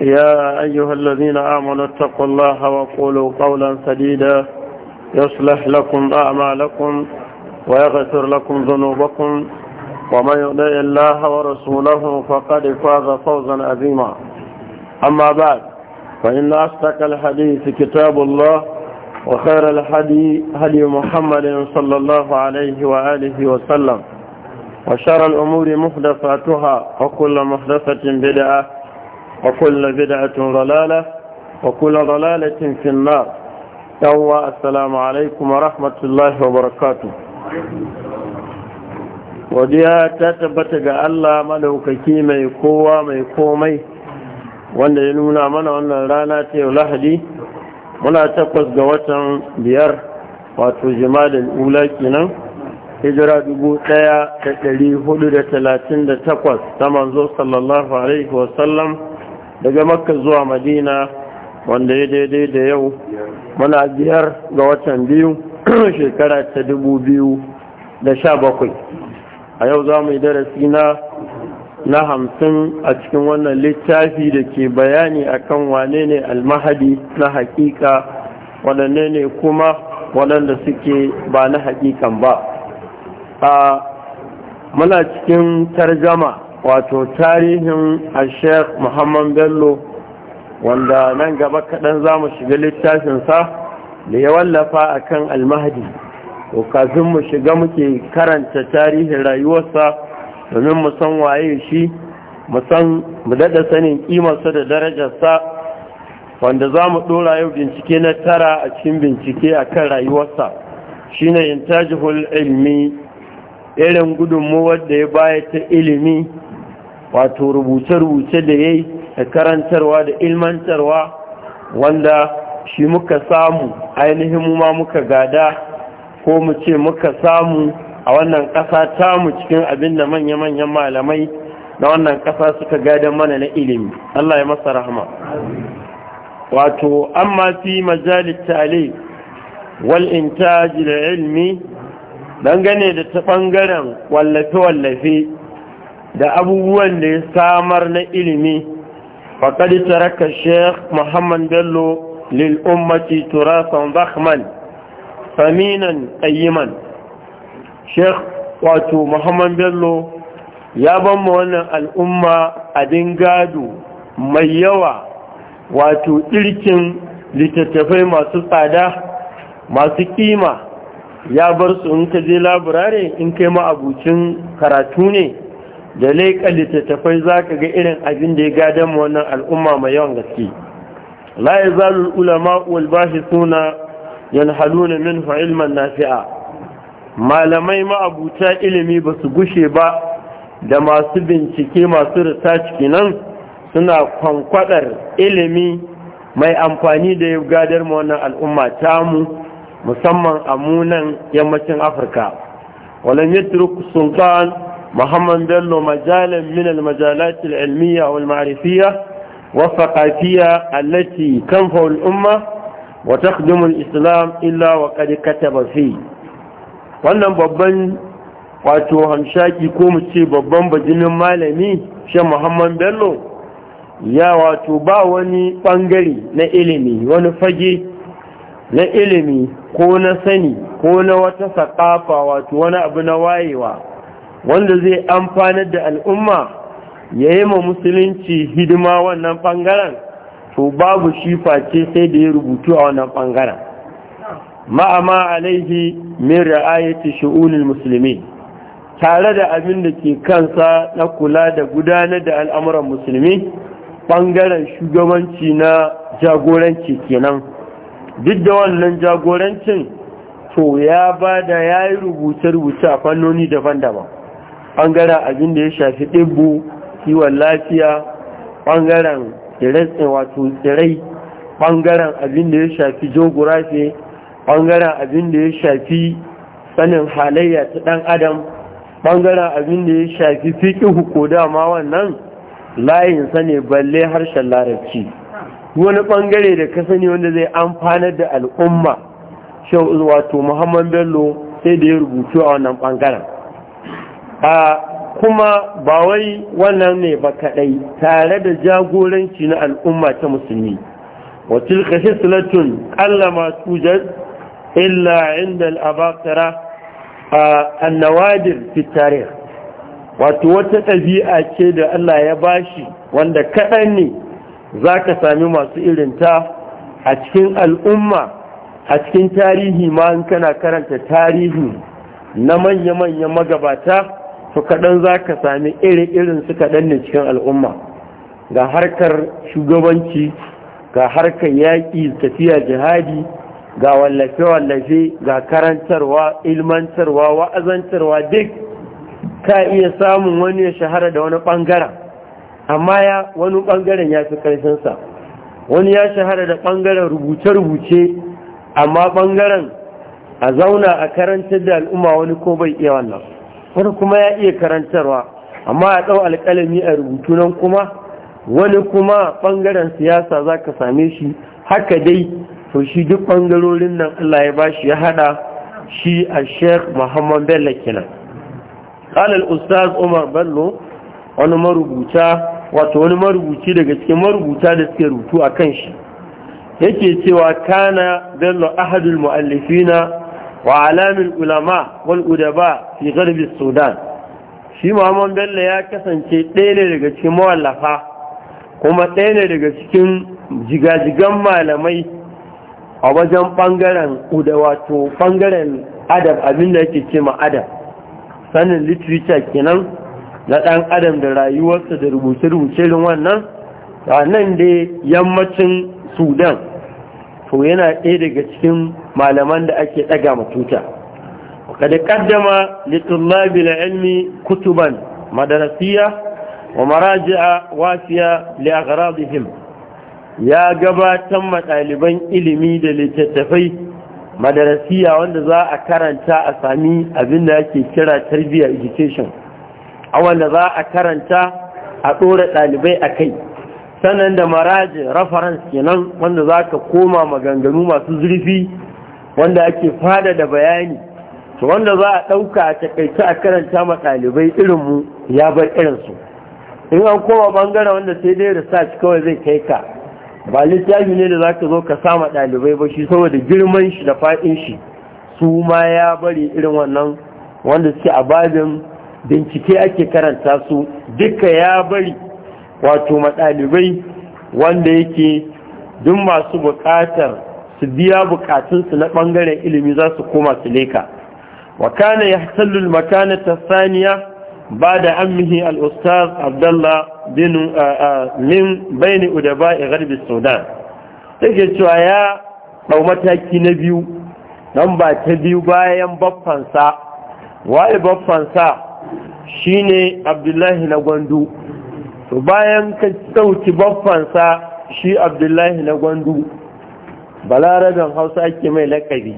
يا أيها الذين آمنوا اتقوا الله وقولوا قولا سديدا يصلح لكم أعمالكم ويغفر لكم ذنوبكم ومن يؤذي الله ورسوله فقد فاز فوزا عظيما أما بعد فإن أصدق الحديث كتاب الله وخير الحديث هدي محمد صلى الله عليه وآله وسلم وشر الأمور محدثاتها وكل محدثة بدعة وكل بدعة ضلالة وكل ضلالة في النار يوى السلام عليكم ورحمة الله وبركاته وديها تتبت الله ملوككي mai يقوى ما يقومي wanda ya nuna mana wannan rana ta yau lahadi muna takwas ga watan biyar wato jimadin ula kenan hijira dubu ɗaya da ɗari hudu da talatin da takwas ta manzo sallallahu alaihi wasallam daga makka zuwa madina wanda ya daidai da yau muna biyar ga watan biyu shekara ta dubu biyu da sha bakwai a yau za mu yi darasi na na hamsin a cikin wannan littafi da ke bayani akan wane ne almahadi na hakika waɗanne ne kuma waɗanda suke ba na hakikan ba a muna cikin tarjama wato tarihin ashek muhammad bello wanda nan gaba kaɗan za mu shiga littafinsa da ya wallafa a kan almahadi to kafin mu shiga muke karanta tarihin rayuwarsa domin mu san waye shi mu san daɗa sanin ƙimarsa da darajarsa wanda za mu ɗora yau bincike na tara a cikin bincike a kan rayuwarsa shine intajihul ilmi irin gudunmuwar da ya baya ta ilimi wato rubuce-rubuce da ya yi da karantarwa da ilmantarwa wanda shi muka samu ainihin ma muka gada ko mu ce muka samu a wannan ƙasa mu cikin abin da manya-manyan malamai na wannan ƙasa suka gada mana na ilimi Allah ya masa rahama wato amma fi majalit tale wal da ilmi dangane da ta ɓangaren wallafe-wallafe da abubuwan da ya samar na ilimi faƙaɗi taraka sheikh muhammad bello lil'ummaci turasan zahman saminan ƙayyiman sheikh wato muhammad bello ya ban wannan al'umma abin gado mai yawa wato ɗirkin littattafai masu tsada masu kima ya bar su in ka je laburare in kai ma abucin karatu ne da laika littattafai za ka ga irin abin da ya gadon wannan al'umma mai yawan gaske la ya zalul ulama wal bashi suna yanhaluna min failman nafi'a malamai ma'abuta ilimi ba su gushe ba da masu bincike masu research nan suna kwankwadar ilimi mai amfani da ya gadar mu wannan al'umma tamu musamman a munan yammacin afirka walam yatruk sultan محمد بيلو مجالا من المجالات العلمية والمعرفية والثقافية التي تنفع الأمة وتخدم الإسلام إلا وقد كتب فيه wannan babban wato hamshaki ko mu ce babban bajinin malami shan muhammad bello ya wato ba wani bangare na ilimi wani fage na ilimi ko na sani ko na wata sakafa wato wani abu na wayewa wanda zai amfanar da al'umma ya yi ma musulunci hidima wannan ɓangaren to babu shi face sai da ya rubutu a wannan ɓangaren ma'ama alaihi min ra'ayati shu'unil musulmi tare da abin da ke kansa na kula da gudanar da al'amuran musulmi ɓangaren shugabanci na jagoranci kenan duk da wannan jagorancin to ya ba da ya yi rubuce-rubuce a fannoni daban-daban ɓangaren abin da ya shafi ɗibbu kiwon lafiya ɓangaren tsirrai wato tsirrai, ɓangaren abin da ya shafi jogurafi ɓangaren abin da ya shafi sanin halayya ta ɗan adam ɓangaren abin da ya shafi fiƙi ko dama wannan layinsa ne balle harshen larabci wani ɓangare da ka sani wanda zai amfanar da al'umma shau wato muhammad bello sai da ya rubutu a wannan ɓangaren a kuma ba wai wannan ne ba kadai tare da jagoranci na al'umma ta musulmi wa tilka hislatun allama tujad illa inda al'abakara a annawadir fi wato wata ɗabi'a ce da Allah ya bashi wanda kaɗan ne za ka sami masu irin ta a cikin al'umma a cikin tarihi ma kana karanta tarihi na manya-manya magabata su kaɗan za ka sami iri-irin su kaɗan ne cikin al'umma ga harkar shugabanci ga harkar yaƙi tafiya jihadi ga wallafe-wallafe ga karantarwa ilmantarwa wa'azantarwa duk ka iya samun wani ya shahara da wani ɓangaren amma ya wani ɓangaren ya fi ƙarfinsa wani ya shahara da ɓangaren rubuce-rubuce amma ɓangaren a zauna a karantar da al'umma wani ko bai iya wannan wani kuma ya iya karantarwa amma ya ɗau alƙalami a rubutu nan kuma wani kuma ɓangaren siyasa za ka same shi haka dai to shi duk ɓangarorin nan Allah ya bashi ya haɗa shi a sheikh muhammad bello kenan قال Ustaz Umar Bello wani marubuta wato wani marubuci daga cikin marubuta da suke rubutu a kan shi yake cewa kana bello ahadul mu'allifina wa alamin ulama wal udaba fi garbi sudan shi muhammad bello ya kasance ɗaya ne daga cikin mawallafa kuma ɗaya ne daga cikin jigajigan malamai a wajen ɓangaren uda wato ɓangaren adab abinda yake ce ma adab sanin literature kenan na ɗan adam da rayuwarsa da rubuce-rubuce wannan a nan dai yammacin sudan to yana ɗaya daga cikin malaman da ake ɗaga matuka, kada kaddama litullabi ilmi kutuban madarasiya wa maraji'a wasiya li aghradihim ya gabatar ma ɗaliban ilimi da littattafai madarasiya wanda za a karanta a sami abin da ake kira tarbiyyar education a wanda za a karanta a ɗora ɗalibai a kai sannan da maraji reference kenan wanda za ka koma maganganu masu zurfi wanda ake fada da bayani to wanda za a ɗauka a takaice a karanta ma ɗalibai irinmu ya bar irinsu in an koma ɓangaren wanda sai dai research kawai zai kai ka ba littafi ne da za ka zo ka sama ɗalibai ba shi saboda girman shi da faɗin shi su ma ya bari irin wannan wanda suke a babin bincike ake karanta su duka ya bari wato ɗalibai wanda yake duk masu buƙatar su biya bukatunsu na ɓangaren ilimi za su koma su leka wa kana ya makana ta saniya ba da ammihi al'ustaz abdallah min bayani udaba a garbi sudan take cewa ya ɗau mataki na biyu don ba ta biyu bayan baffansa waye baffansa shi ne abdullahi na gwandu bayan ka ɗauki baffansa shi abdullahi na gwandu balaraben hausa ake mai lakabi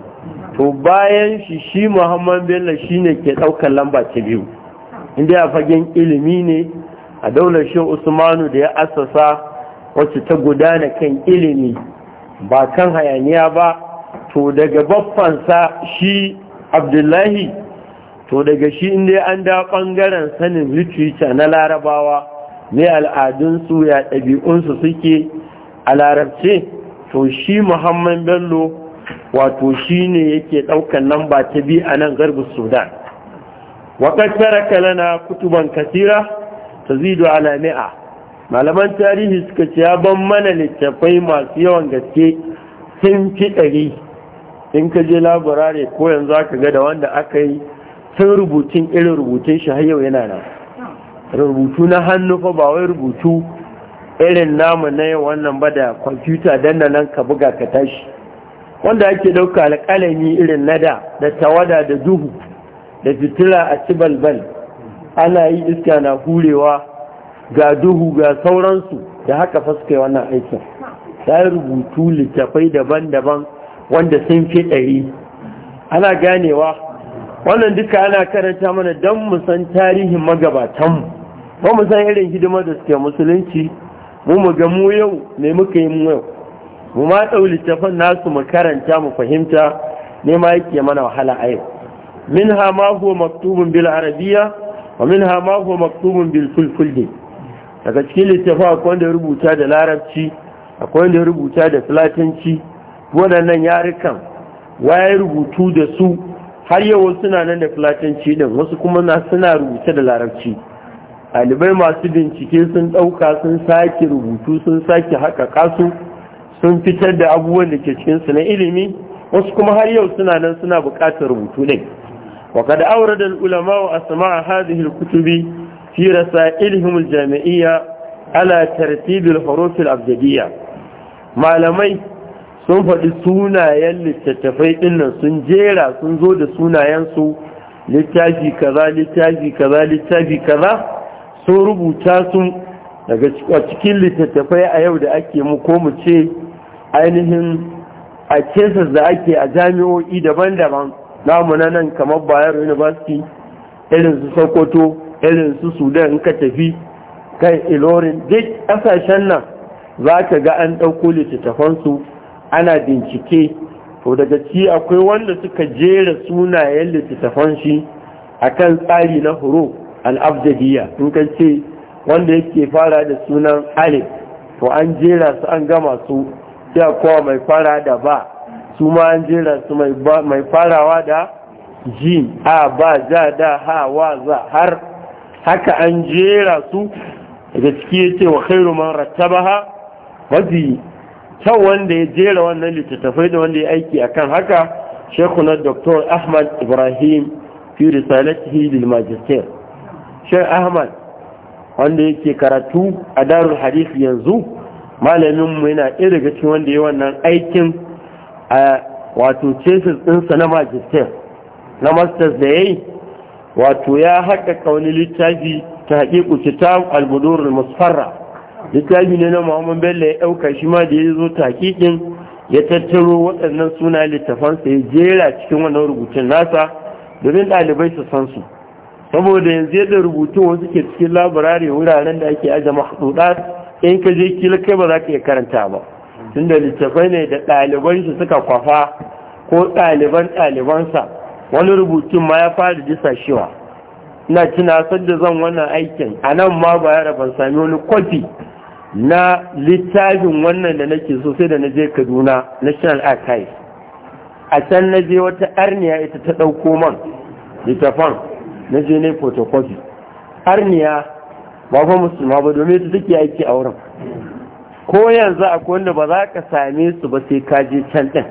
to bayan shi shi muhammad bello shi ne ke ɗaukar lamba ta biyu inda ya fagen ilimi ne a daular shi usmanu da ya asasa wacce ta gudana kan ilimi ba kan hayaniya ba to daga baffansa shi abdullahi to daga shi inda an da ɓangaren sanin literature na larabawa ne al'adunsu ya ɗabi'unsu suke a larabce to shi muhammad bello wato shi ne yake ɗaukan lamba ta bi a nan garbin sudan waƙar kalana kutuban kasira ta zido alami'a malaman tarihi suka ce ya ban mana littafai masu yawan gaske sun fi ɗari in ka je laburare ko yanzu aka ga da wanda aka yi sun rubutun irin rubutun shi har yau yana nan rubutu na hannu fa ba wai rubutu irin namu na yin wannan ba da kwamfuta don da nan ka buga ka tashi wanda ake dauka alƙalami irin nada da tawada da duhu da fitila a ci balbal ana yi iska na hurewa ga duhu ga sauransu da haka faskai wannan aikin ta yi rubutu littafai daban-daban wanda sun fi ɗari ana ganewa wannan duka ana karanta mana don musan tarihin magabatanmu ba mu san irin hidimar da suke musulunci mu mu ga mu yau me muka yi mu yau mu ma ɗau littafan nasu mu karanta mu fahimta ne ma yake mana wahala a yau min ha ma huwa maktubun bil arabiya wa min ha ma huwa maktubun bil fulfulde daga cikin littafin akwai wanda rubuta da larabci akwai wanda rubuta da filatanci waɗannan yarukan waye rubutu da su har yau suna nan da filatanci din wasu kuma suna rubuta da larabci ɗalibai masu bincike sun ɗauka sun sake rubutu sun sake haka kasu sun fitar da abubuwan da ke cikinsu na ilimi wasu kuma har yau suna nan suna buƙatar rubutu ne وقد أورد العلماء أسماع هذه الكتب في رسائلهم الجامعية Ala ترتيب الحروف الأبجدية malamai sun faɗi sunayen littattafai ɗinnan sun jera sun zo da sunayensu littafi kaza littafi kaza littafi kaza sun rubuta sun daga cikin littattafai a yau da ake mu ko mu ce ainihin a cesar da ake a jami'o'i daban-daban namu na nan kamar bayero university irin su sokoto irin su sudan in ka tafi kan ilorin duk ƙasashen nan za ka ga an ɗauko littattafansu ana bincike to daga ci akwai wanda suka jera sunayen littattafan shi a kan tsari na huruf al'abdadiyya in ka ce wanda yake fara da sunan alif to an jera su an gama su sai kowa mai fara da ba su ma an jera su mai farawa da jin a ba za da ha wa za har haka an jera su daga ciki ya ce wa khairu man rattabaha wazi kyau wanda ya jera wannan littattafai da wanda ya aiki akan haka shekunan dr ahmad ibrahim fi risalatihi lil shek ahmad wanda yake karatu a darul hadisi yanzu malaminmu yana ɗaya daga cikin wanda ya wannan aikin a wato cesis ɗinsa na magister na masters da ya yi wato ya haƙa ƙaunin littafi ta haƙiƙu kitab al-budurul musfarra littafi ne na muhammad bello ya ɗauka shi ma da ya zo ta haƙiƙin ya tattaro waɗannan suna littafansa ya jera cikin wannan rubutun nasa domin ɗalibai su san su saboda yanzu yadda rubutun wasu ke cikin labarari wuraren da ake aje mahdudat in ka je kila kai ba za ka iya karanta ba tunda littafai ne da ɗaliban shi suka kwafa ko ɗaliban ɗalibansa wani rubutun ma ya fara shiwa ina san da zan wannan aikin a nan ma ba yara ban sami wani kwafi na littafin wannan da nake so sai da na je kaduna national archive a can na je wata arniya ita ta ɗauko man littafan na je ne photocopy niya ba fa musulma ba domin su take aiki a wurin ko yanzu akwai wanda ba za ka same su ba sai ka je can ɗin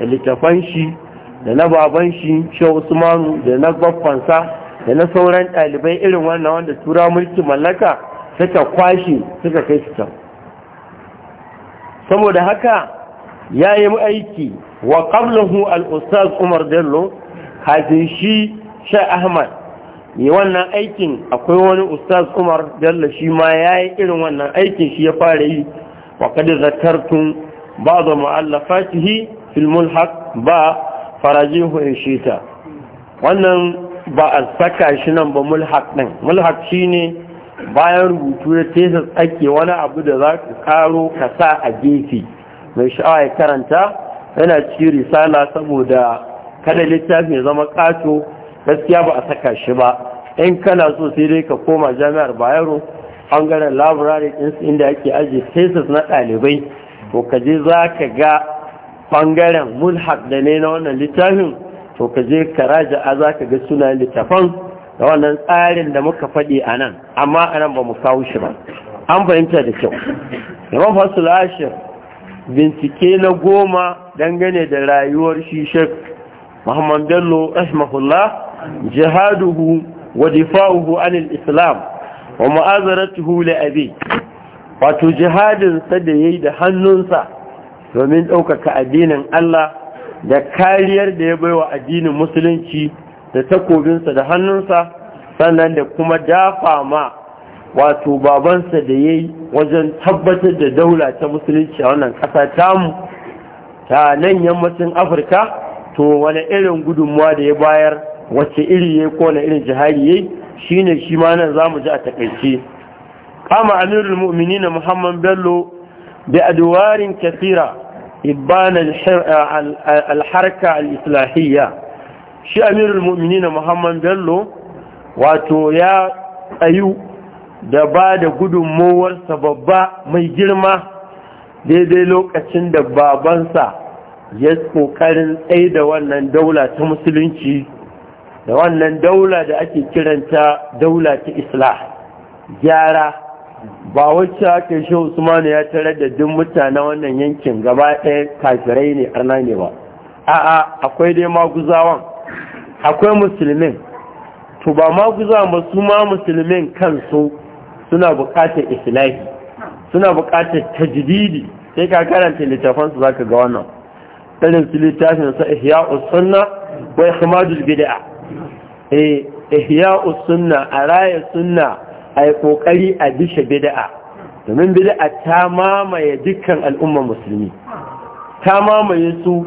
da littafan shi da na baban shi shehu usmanu da na baffansa da na sauran ɗalibai irin wannan wanda tura mulki mallaka suka kwashe suka kai su can saboda haka ya yi aiki wa qablahu al-ustaz Umar Bello kafin shi Sheikh Ahmad mai wannan aikin akwai wani ustaz umar jalla shi ma ya yi irin wannan aikin shi ya fara yi wa kada zakartun ba da Fatihi filmul haq ba Farajin in shita wannan ba a saka shi nan ba mulhaq ɗin mulhaq shi ne bayan rubutu ya tesa tsake wani abu da za ka karo ka sa a gefe mai sha'awa ya karanta yana cikin risala saboda kada littafi ya zama ƙato gaskiya ba a saka shi ba in kana so sai dai ka koma jami'ar bayero bangaren laburare inda ake ajiye thesis na ɗalibai to ka je za ka ga bangaren mulhak da ne na wannan littafin to ka je ka a za ka ga suna littafan da wannan tsarin da muka faɗi a nan amma a nan ba mu kawo shi ba an fahimta da kyau yawan fasul ashir bincike na goma dangane da rayuwar shi shek muhammad bello rahimahullah jihaduhu wa difa'uhu anil islam wa mu'azaratuhu li abi wato jihadin sa da yayi da hannunsa domin ɗaukaka addinin Allah da kariyar da ya baiwa addinin musulunci da takobinsa da hannunsa sannan da kuma dafa ma wato babansa da yayi wajen tabbatar da daula ta musulunci a wannan ƙasa tamu ta nan yammacin afirka to wani irin gudunmuwa da ya bayar wacce iri ya ko na irin jihari ya shine shi ma nan za mu ji a takaice kama amirul mu'minin muhammad bello da adwarin kafira, ibban alharka al-islahiyya shi amirul mu'minin muhammad bello wato ya tsayu da ba da gudunmowarsa babba mai girma daidai lokacin da babansa ya kokarin tsaye da wannan daula ta musulunci da wannan daula da ake kiranta daula ta islah gyara ba wacce aka shi usman ya tarar da duk mutanen wannan yankin gaba ɗaya kafirai ne arna ne ba a'a akwai dai maguzawan akwai musulmin to ba maguzawan ba su ma musulmin kansu suna buƙatar islahi suna buƙatar tajdidi sai ka karanta su zaka ga wannan irin littafin sa ihya sunna wa ihmadul bid'a eh ihya'us sunna a raya sunna ai kokari a bisha bida'a, domin bida'a ta mamaye dukkan al'umma musulmi ta mamaye su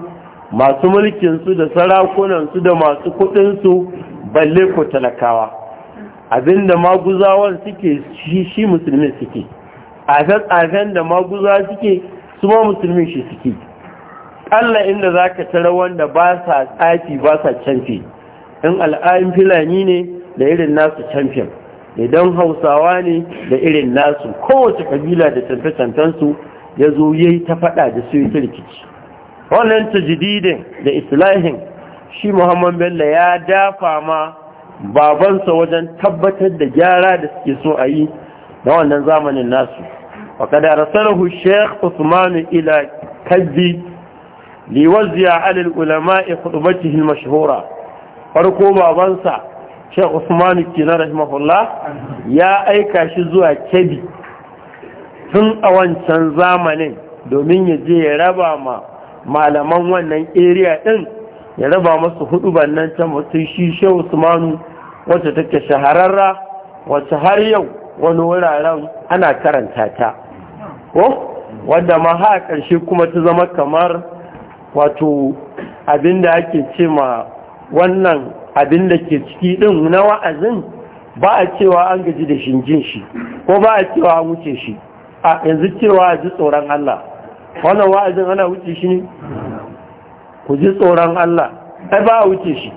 masu mulkin su da sarakunan su da masu kudin su balle ko talakawa abinda maguzawan suke shi shi musulmi suke tsafen da maguza suke su ma musulmi shi suke Allah inda zaka tara wanda ba sa tsafi ba sa canfi in al'ayin filani ne da irin nasu champion idan hausawa ne da irin nasu kowace kabila da canfe cantansu ya zo ya yi ta faɗa da su yi rikici wannan jididin da islahin shi muhammad bello ya dafa ma babansa wajen tabbatar da gyara da suke so a yi na wannan zamanin nasu wa kadara sarahu sheikh usman ila kaddi liwaziya alil ulama'i khutubatihi al-mashhura farko babansa Sheikh Usman Kinan rahimahullah ya aika shi zuwa Kebbi tun a wancan zamanin domin ya je ya raba ma malaman wannan area din ya raba masu hudu bannan ta mutum shi Sheikh Usman wacce take shahararra wacce har yau wani wuraren ana karanta ta ko wadda ma ha ƙarshe kuma ta zama kamar wato abinda ake ce ma wannan abin da ke ciki ɗin na wa'azin ba a cewa an gaji da jin shi ko ba a cewa an wuce shi a yanzu cewa ji tsoron Allah wannan wa'azin ana wuce shi ne ku ji tsoron Allah ai ba a wuce shi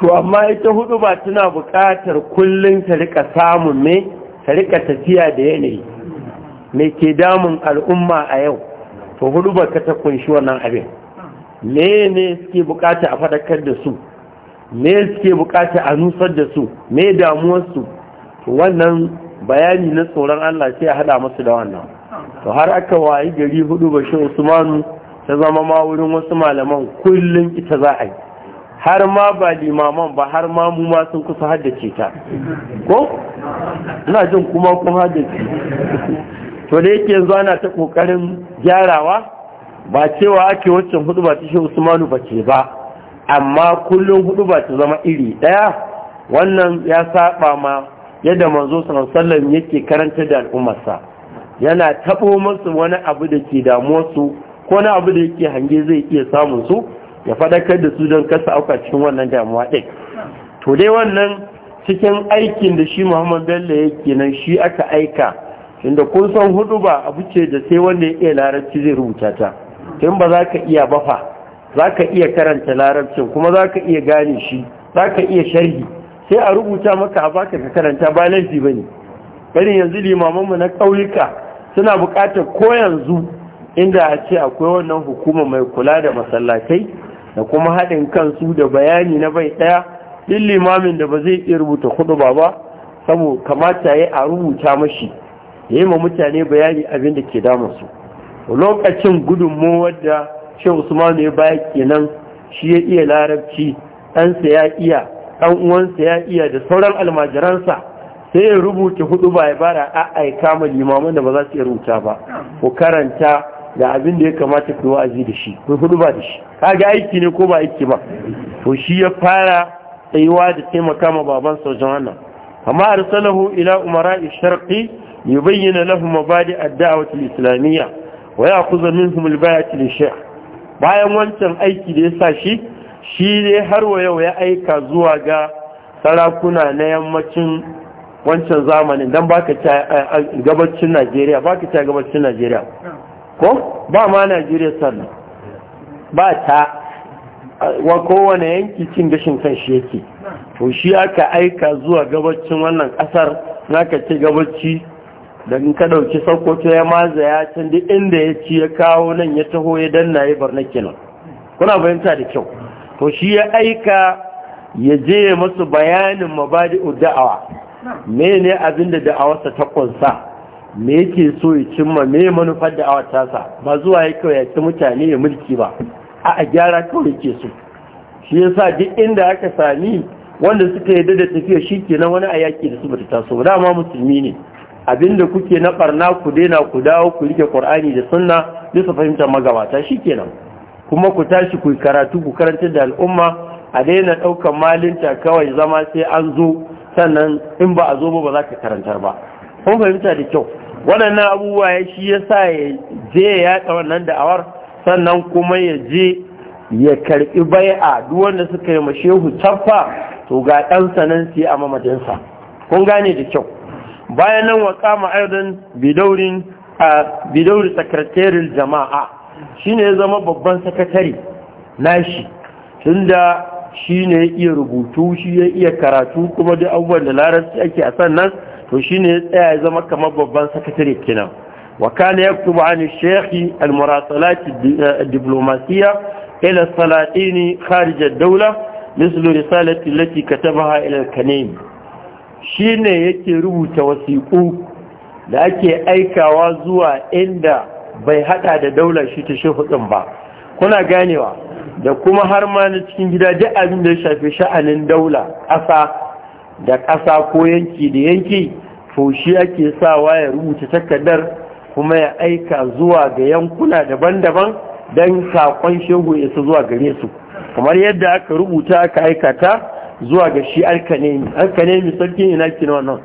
to amma ita hudu ba tana buƙatar kullum ta rika samun me ta rika tafiya da yanayi mai ke damun al'umma a yau to hudu ba ka ta kunshi wannan abin me ne suke bukata a faɗakar da su me suke bukata a nusar da su me damuwarsu wannan bayani na tsoron Allah sai a hada musu da wannan to har aka wayi gari hudu bashi Usmanu ta zama ma wurin wasu malaman kullum ita za a yi har ma ba limaman ba har ma mu ma sun kusa haddace ta ko ina jin kuma kun haddace to da yake yanzu ana ta kokarin gyarawa ba cewa ake waccan hudu ba ta shi usmanu ba ce ba amma kullum hudu ba ta zama iri daya wannan ya saba ma yadda manzo sallallahu yake karanta da al'ummarsa yana tabo musu wani abu da ke su ko na abu da yake hange zai iya samun su ya fadakar da su don kasa auka cikin wannan damuwa din to dai wannan cikin aikin da shi muhammad bello yake nan shi aka aika inda kun san hudu ba abu ce da sai wanda ya iya larabci zai rubuta ta in ba za ka iya bafa za ka iya karanta larabcin kuma za ka iya gane shi za ka iya sharhi sai a rubuta maka a baka ka karanta ba laifi ba ne bari yanzu limamanmu na ƙauyuka suna buƙatar ko yanzu inda a ce akwai wannan hukuma mai kula da masallatai da kuma haɗin kansu da bayani na bai ɗaya ɗin limamin da ba zai iya rubuta kudu ba ba saboda kamata ya a rubuta mashi ya yi ma mutane bayani abin da ke su. lokacin gudunmowar da shi usmanu ya baya kenan shi ya iya larabci ɗansa ya iya ɗan uwansa ya iya da sauran almajiransa sai ya rubuta hudu ba ya bara a aika ma limaman da ba za su yi rubuta ba ku karanta da abin da ya kamata ku wa'azi da shi ku hudu ba da shi kaga aiki ne ko ba aiki ba to shi ya fara tsayuwa da taimaka ma baban sojan wannan amma arsalahu ila umara sharqi yubayyana lahum mabadi ad-da'wati al-islamiyya wa ya kuza minhum albayati lishekh bayan wancan aiki da ya sa shi shi ne har wa yau ya aika zuwa ga sarakuna na yammacin wancan zamanin don baka ta gabacin Najeriya Ba ka ta gabacin Najeriya ko ba ma Najeriya sannan ba ta wa kowane yanki cin gashin kan shi yake to shi aka aika zuwa gabacin wannan kasar ka ce gabaci don ka ɗauki sokoto ya maza ya can duk inda ya ci ya kawo nan ya taho ya danna ya barna kenan kuna bayanta da kyau to shi ya aika ya je masu bayanin mabadi'u da'awa ne abin da da'awarsa ta kunsa me yake so ya cimma me manufar da'awar sa? ba zuwa ya kawai ya ci mutane ya mulki ba a a gyara kawai yake so shi yasa duk inda aka sami wanda suka yarda da tafiya shi kenan wani a yaƙi da su bata taso dama musulmi ne abinda kuke na barna ku daina ku dawo ku rike qur'ani da sunna bisa fahimtar magabata shikenan kuma ku tashi ku karatu ku karantar da al'umma a daina daukar malinta kawai zama sai an zo sannan in ba a zo ba ba za ka karantar ba kun fahimta da kyau waɗannan abubuwa ya shi ya sa ya je ya yaɗa wannan da'awar sannan kuma ya je ya karɓi bai'a duk wanda suka yi mashehu caffa to ga ɗansa nan sai a mamadansa kun gane da kyau bayan nan wa kama aidan bidaurin a bidauri sakatarin jama'a shine ya zama babban sakatare nashi tunda shi ne ya iya rubutu shi ya iya karatu kuma duk abubuwan da larabci ake a sannan to shi ne ya tsaya ya zama kamar babban sakatare kenan ya kana yaktubu an shaykhi al murasalat al diplomasiya ila salatini kharij al dawla mislu risalati allati katabaha ila kanemi shi ne yake rubuta wasiƙu da ake aikawa zuwa inda bai hada da daular shi ta shehudin ba kuna ganewa da kuma har ma na cikin gida duk abin da ya shafi sha'anin daula ƙasa da ƙasa ko yanki da yanki to shi ake sawa ya rubuta takardar kuma ya aika zuwa ga yankuna daban-daban don saƙon shehu isa zuwa gare su kamar yadda aka rubuta aka aikata zuwa ga shi alkanemi alkanemi sarki ne na kina wannan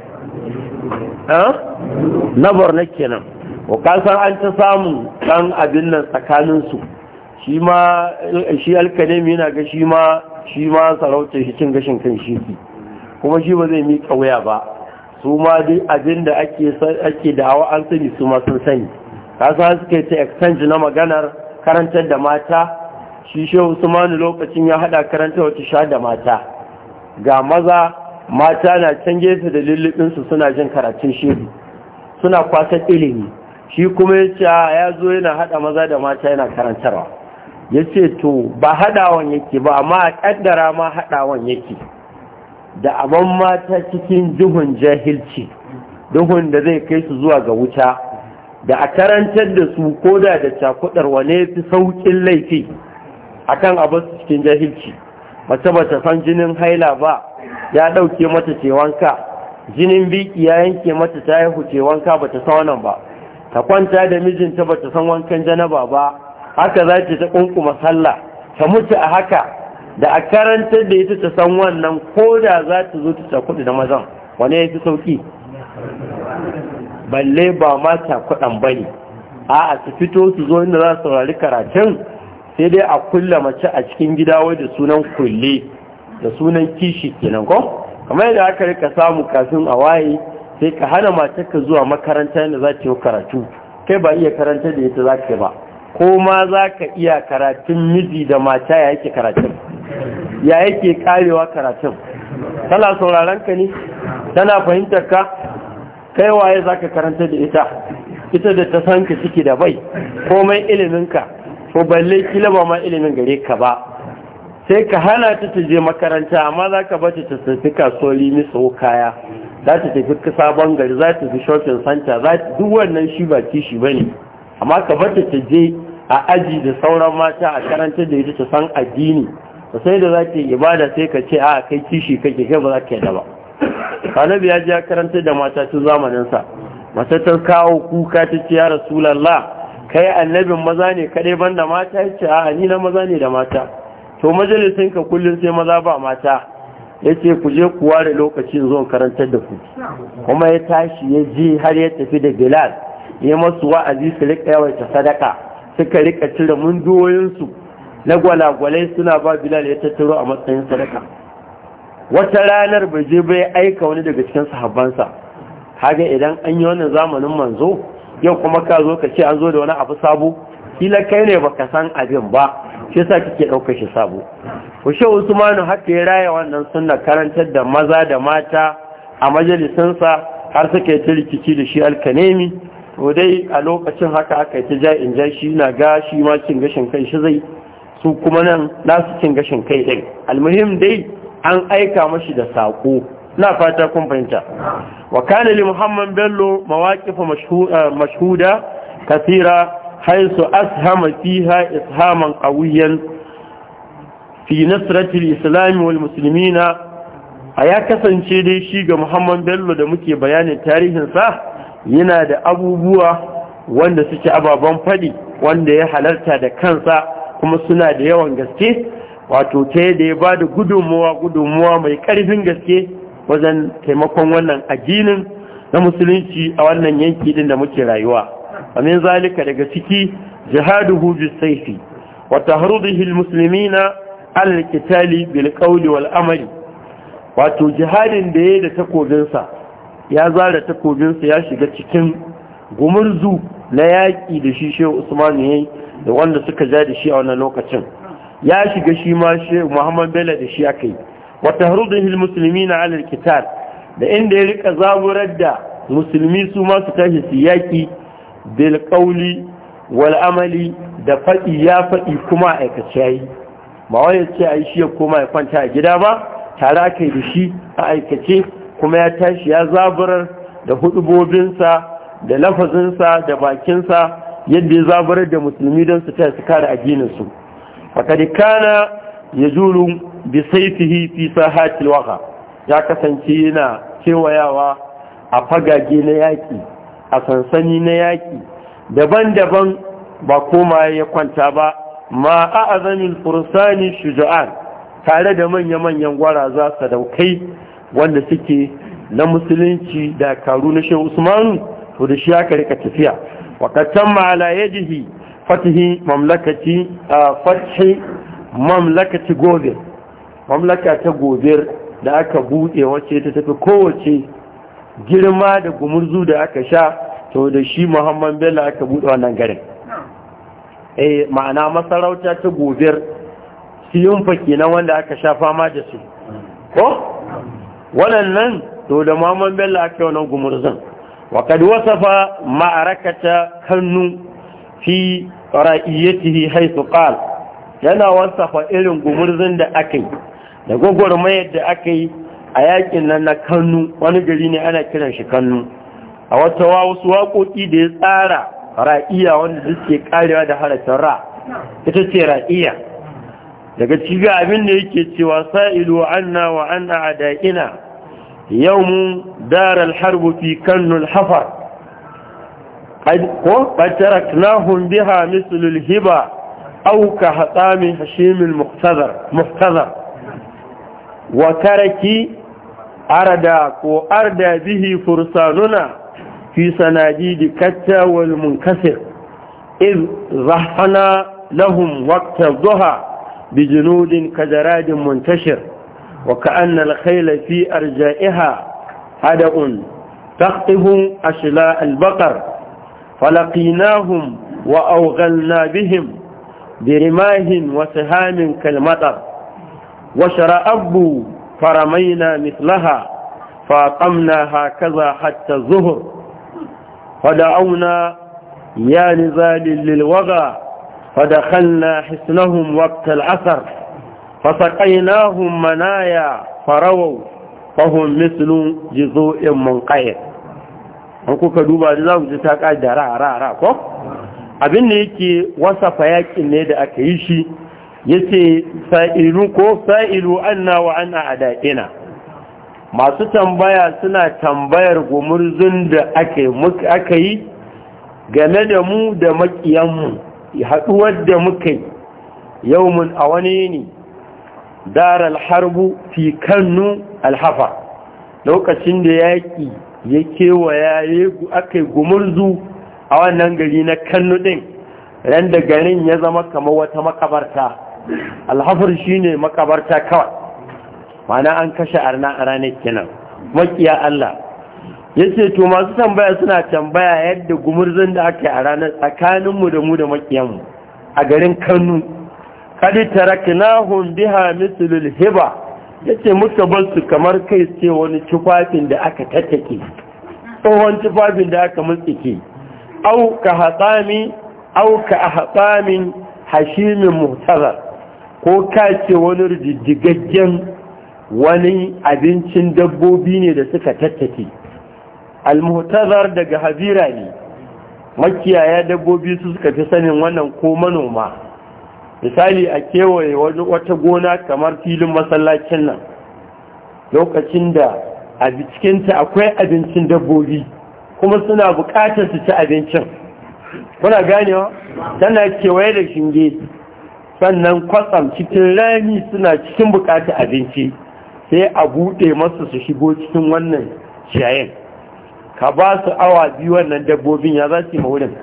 na borno kenan wa an ta samun ɗan abin nan tsakaninsu shi ma shi alkanemi yana ga shi ma shi ma sarauta shi cin gashin kan shi kuma shi ba zai miƙa waya ba su ma duk abin da ake da'awa an sani su ma sun sani kasa suka ta exchange na maganar karantar da mata shi shehu usmanu lokacin ya hada karantar wata sha da mata ga maza mata na can gefe da lullubinsu suna jin karatun shehu suna kwasan ilimi shi kuma ya ce ya zo yana haɗa maza da mata yana karantarwa ya ce to ba haɗawan yake ba amma a ƙaddara ma haɗawan yake da abin mata cikin duhun jahilci duhun da zai kai su zuwa ga wuta da a karantar da su koda da cakudar wane fi saukin laifi akan abin cikin jahilci mace ba ta san jinin haila ba ya ɗauke mata ce jinin biki ya yanke mata ta haihu ce wanka ba ta san wannan ba ta kwanta da mijinta ba ta san wankan janaba ba haka za ta kunkuma sallah ta mutu a haka da a karantar da ita ta san wannan ko da za ta zo ta kudi da mazan wani ya fi sauki balle ba mata kuɗan ba ne a a su fito su zo inda za su saurari karatun sai dai a kulle mace a cikin gida wai da sunan kulle da sunan kishi kenan ko kamar yadda aka rika samu kafin a waye sai ka hana mace ka zuwa makaranta da za ta yi karatu kai ba iya karanta da ita za ka ba ko ma za ka iya karatun miji da mata ya yake karatun ya yake karewa karatun tana sauraron ka ne tana fahimtar ka kai waye za ka karanta da ita ita da ta san ka ciki da bai komai iliminka ko balle kila ba ma ilimin gare ka ba sai ka hana ta ta je makaranta amma za ka bata ta tafi kasuwali miso kaya za ta tafi sabon gari za ta fi shopping center za ta duk wannan shi ba kishi ba ne amma ka bata ta je a aji da sauran mata a karanta da ita ta san addini sai da za ta yi ibada sai ka ce a kai kishi kake kai ba za ka yi da ba kanabi ya ji ya karanta da mata tun zamaninsa mata ta kawo kuka ta ce ya rasulallah kai annabin maza ne kadai banda mata yace a ni na maza ne da mata to majalisin ka kullun sai maza ba mata yace ku je ku ware lokaci zo karantar da ku kuma ya tashi ya ji har ya tafi da Bilal ya masu wa'azi su rika ta sadaka suka rika cire mundoyin su na gwalagwalai suna ba Bilal ya tattaro a matsayin sadaka wata ranar bai je bai aika wani daga cikin sahabbansa haga idan an yi wannan zamanin manzo yau kuma ka zo ka ce an zo da wani abu sabo kila kai ne baka san abin ba shi yasa kike ɗaukar shi sabo ku she usmanu haka ya raya wannan sunna karantar da maza da mata a majalisinsa har suka yi rikici da shi alkanemi to dai a lokacin haka aka yi ta ja in ja shi na ga shi ma cin gashin kai shi zai su kuma nan nasu cin gashin kai ɗin almuhim dai an aika mashi da sako na fata kun fahimta wa kana muhammad bello mawaƙifa mashhuda kathira Haisu, ashama fiha ishaman qawiyan fi nasrati al-islam wal kasance dai shi ga muhammad bello da muke bayanin tarihin sa yana da abubuwa wanda suke ababen faɗi, wanda ya halarta da kansa kuma suna da yawan gaske wato ta yadda ya ba da gudummawa gudummawa mai ƙarfin gaske wajen taimakon wannan addinin na musulunci a wannan yanki din da muke rayuwa amin zalika daga ciki jihaduhu bisayfi wa tahrudihi almuslimina ala alqitali bil qawli wato jihadin da yayi da takobinsa ya zara takobinsa ya shiga cikin gumurzu na yaƙi da shi shehu usman ne da wanda suka ja da shi a wannan lokacin ya shiga shi ma shehu muhammad bello da shi aka yi wa musulmi na ala kitar, da inda ya rika zaburar da musulmi su masu su tashi su yaƙi bil wal'amali amali da faɗi ya faɗi kuma aikace yi. ba wani ya ce ai shi ya koma ya kwanta a gida ba tare aka yi da shi a aikace kuma ya tashi ya zaburar da hudubobinsa da lafazinsa da bakinsa yadda ya zaburar da musulmi don su ta su kare addininsu fakadi ya juru bi saifihi fi sahatil waqa ya kasance yana cewayawa a fagage na yaki a sansani na yaki daban-daban ba koma ya kwanta ba ma a azamin fursani shuja'an tare da manya-manyan gwaraza sadaukai wanda suke na musulunci da karu na shehu usmanu to da shi aka rika tafiya wakatan ma'ala ya yajihi fatihi mamlakati a fathi mamlakaci gobe mamlaka ta gobe da aka buɗe wacce ta tafi kowace girma da gumurzu da aka sha to da shi muhammadu bello aka buɗe wannan garin eh ma'ana masarauta ta gobir siyunfa kenan wanda aka sha fama da su ko waɗannan to da muhammadu bello aka wannan gumurzun waƙad wasafa ma'arakata hannu fi ra'iyyatihi haisu ƙal yana wasafa irin gumurzun da aka yi da gwagwarmayar da aka yi a yakin nan na kannu wani gari ne ana kiran shi kannu a wata wasu waƙoƙi da ya tsara ra'iya wanda suke karewa da harafin ra ita ce ra'iya daga cikin abin da yake cewa sa'ilu anna wa an a'da'ina yawmu daral harbu fi kannul hafar ko bataraknahum biha mislul hiba aw ka hatami hashimil muhtazar wa taraki arda ko arda bihi fursanuna fi sanadidi katta wal munkasir iz zahana lahum waqta dhuha bi junudin kajaradin muntashir wa ka'anna al khayla fi arja'iha hada'un تخطف أشلاء البقر فلقيناهم وأوغلنا بهم برماه وسهام كالمطر وشرأب فرمينا مثلها فقمنا هكذا حتى الظهر فدعونا يا نزال للوغى فدخلنا حسنهم وقت العصر فسقيناهم منايا فرووا فهم مثل جزوء منقير an kuka duba da za mu ji ta ƙaji da ra ra ko abin da yake wasafa yakin ne da aka yi shi yace sa'ilu ko sa'ilu anna wa anna adaina masu tambaya suna tambayar gumurzun da aka yi game da mu da makiyanmu haɗuwar da muka yi yaumin a wani ne dar alharbu fi kannu alhafa lokacin da yaƙi ya kewaya aka yi gumurzu a wannan gari na kannu din, ran da garin ya zama kamar wata makabarta alhafar ne makabarta kawai mana an kashe a ranar kenan makiya Allah ya ce to masu tambaya suna tambaya yadda gumurzin da aka yi a ranar tsakaninmu da mu da makiyanmu a garin Kano kadi taraknahum biha mithlul hiba ce muka bar su kamar kai ce wani tufafin da aka tattake tsohon tufafin da aka mutsike au ka hatsami au ka hatsamin! hashimin muhtazar ko kace wani rididdigaggen wani abincin dabbobi ne da suka tattake almuhtazar daga hazira ne makiyaya dabbobi su suka fi sanin wannan ko manoma misali a kewaye wata gona kamar filin masallacin nan lokacin da a cikinta akwai abincin dabbobi kuma suna bukatar su ci abincin kuna ganewa tana kewaye da shinge sannan kwatsam cikin rami suna cikin bukatar abinci sai a buɗe masu su shigo cikin wannan ciyayin ka ba su awa biyu wannan dabbobin ya za su yi maurin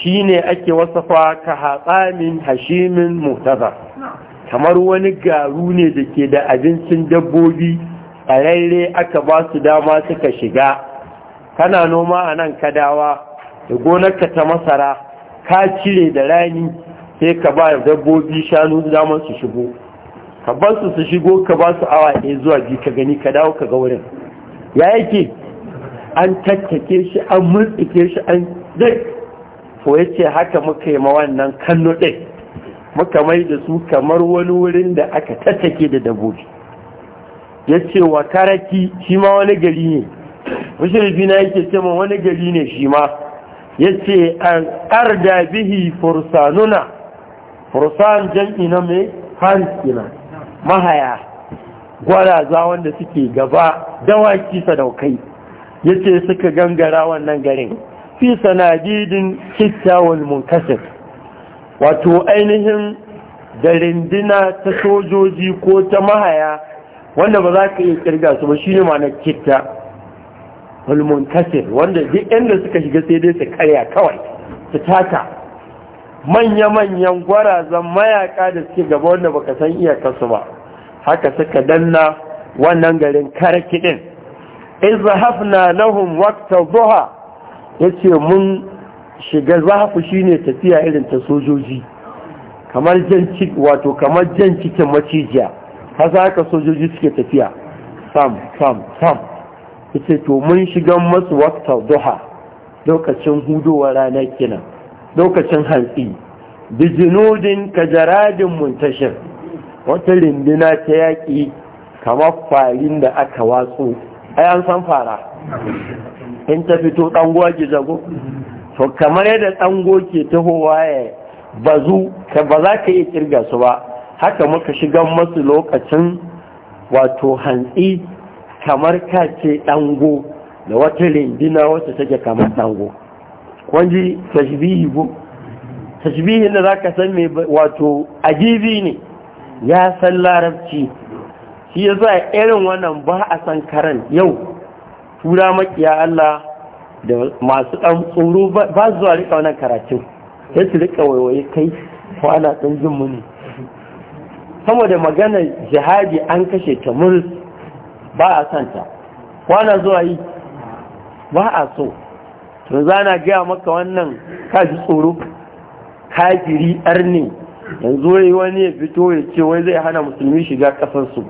shi ne ake wasafa ka hatsamin hashimin motaza kamar wani garu ne da ke da abincin dabbobi tsararre aka ba su dama suka shiga kana noma a nan kadawa da ka ta masara ka cire da rani sai ka ba dabbobi shanu daman su shigo ka ba su su shigo ka ba su awa ɗaya zuwa biyu ka gani ka dawo ka ga wurin ya yake an tattake shi an murtsike shi an dai ko ya ce haka muka yi ma wannan kanno ɗin muka mai da su kamar wani wurin da aka tattake da dabbobi ya ce wa karaki shi ma wani gari ne mashirfi na yake ce ma wani gari ne shi ma ya ce an ƙarda bihi fursanuna fursan jam'i na mai haris ina mahaya gwaraza wanda suke gaba dawaki sadaukai yace suka gangara wannan garin fi sanadidin kyakkyawan munkasir wato ainihin da rindina ta sojoji ko ta mahaya wanda ba za ka iya kirga su ba shine ma na kitta walmunkasir wanda duk inda suka shiga sai dai su karya kawai su taka manya-manyan gwarazan mayaka da suke gaba wanda baka san iyakarsu ba haka suka danna wannan garin karkiɗin izahafna lahum waqta ya yace mun shiga zahafu shine tafiya irin ta sojoji kamar jan wato kamar jan cikin macijiya haza haka sojoji suke tafiya sam sam sam yace to mun shiga masu waqta duha lokacin hudowar rana kenan lokacin hantsi bijinudin kajaradin muntashin wata rindina ta yaƙi kamar farin da aka watsu ayan san fara in ta fito ɗangowa ke zago to kamar yadda ɗango ke tahowa ya bazu ba za ka iya kirga su ba haka muka shigan masu lokacin wato hantsi kamar ka ce ɗango da wata rindina wata take kamar ɗango wani tashbihi bu tashbihin da zaka san me wato ajibi ne ya san larabci shi ya za irin wannan ba a san karan yau tura makiya Allah da masu ɗan tsoro ba zuwa rika wannan karatun sai su rika waiwaye kai ko ana ɗan jin mu ne saboda maganar jihadi an kashe ta ba a santa kwana zuwa yi ba a so yanzu ana gaya maka wannan ka tsoro kafiri arni yanzu wai wani ya fito ya ce wai zai hana musulmi shiga kasansu